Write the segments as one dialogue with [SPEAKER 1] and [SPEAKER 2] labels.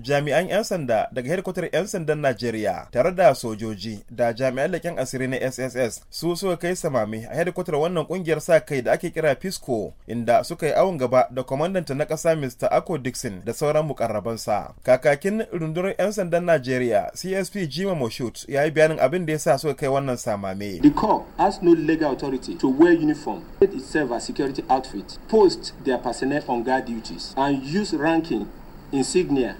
[SPEAKER 1] jami'an 'yan sanda daga hedkwatar 'yan sandan najeriya tare da sojoji da jami'an leƙen asiri na sss su suka kai samami a hedkwatar wannan kungiyar sa kai da ake kira pisco inda suka yi awon gaba da kwamandanta na ƙasa mr ako dixon da sauran sa kakakin rundunar 'yan sandan najeriya csp jima moshut ya yi bayanin abin da ya sa suka kai wannan samame the corps has no legal authority to wear uniform it itself as security outfit post their personnel on guard duties and use ranking insignia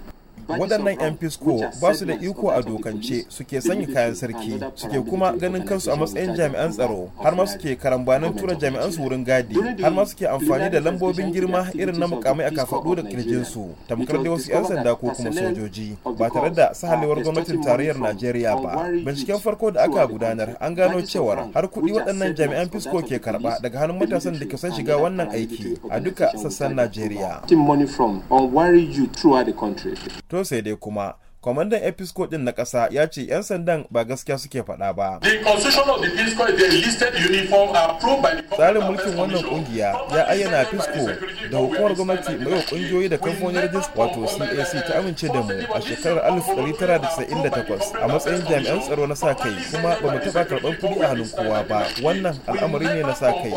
[SPEAKER 1] waɗannan 'yan fisko ba su da iko a dokance suke sanya kayan sarki suke kuma ganin kansu a matsayin jami'an tsaro har ma suke karambanin tura jami'an su wurin gadi har ma suke amfani da lambobin girma irin na mukamai a kafaɗu da kirjinsu tamkar da wasu 'yan sanda ko kuma sojoji ba tare da sahalewar gwamnatin tarayyar najeriya ba binciken farko da aka gudanar an gano cewar har kuɗi waɗannan jami'an fisko ke karɓa daga hannun matasan da ke son shiga wannan aiki a duka sassan najeriya to sai dai kuma kwamandan episcopal din na ƙasa ya ce 'yan sandan ba gaskiya suke faɗa ba. tsarin mulkin wannan kungiya ya ayyana fisco da hukumar gwamnati mai kungiyoyi da kamfanin rajis wato cac ta amince da mu a shekarar 1998 a matsayin jami'an tsaro na sa kai kuma ba mu taɓa karɓar kuɗi a hannun kowa ba wannan al'amari ne na sa kai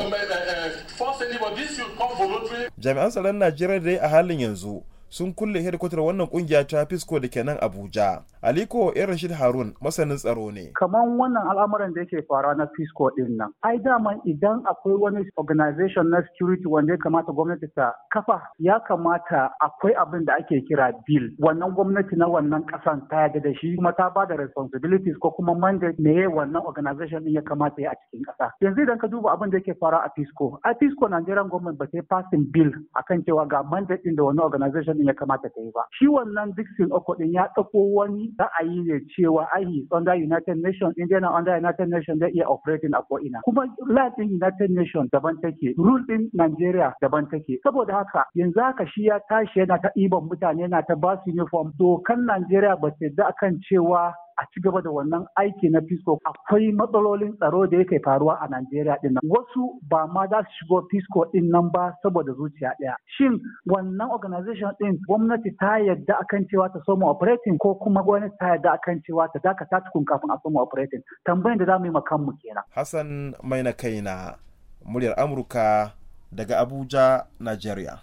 [SPEAKER 1] jami'an tsaron najeriya dai a halin yanzu sun kulle hedikwatar wannan kungiya ta fisco da kenan nan abuja aliko yan rashid harun masanin tsaro ne kamar wannan
[SPEAKER 2] al'amuran da yake fara na fisco din nan ai dama idan akwai wani organization na security wanda ya kamata gwamnati ta kafa ya kamata akwai abin da ake kira bill wannan gwamnati na wannan kasan ta yarda da shi kuma ta ba da responsibilities ko kuma mandate ne wannan organization din ya kamata ya a cikin kasa yanzu idan ka duba abin da yake fara a fisco a fisco nigerian government ba ta yi passing bill akan cewa ga mandate din da wannan organization ya kamata ta yi ba shi wannan Dixon Oko din ya ɗauko wani ra'ayi ne cewa ahi under United Nations in yana under United Nations zai iya operating a ko'ina, kuma law United Nations daban take rule ɗin Nigeria daban take saboda haka yanzu haka shi ya tashi yana ta ɗiban mutane yana ta basu uniform dokan Najeriya ba ta da akan cewa a ci gaba da wannan aiki na Fisco akwai matsalolin tsaro da yake faruwa a Najeriya dinnan. Wasu ba ma za su shigo Fisco din nan ba saboda zuciya ɗaya. Shin wannan organization din gwamnati ta yadda akan cewa ta soma operating ko kuma gwamnati ta yadda akan cewa ta dakata tukun kafin a soma operating? Tambayin da za mu yi mu kenan.
[SPEAKER 1] Hassan Maina Kaina, muryar Amurka daga Abuja, Najeriya.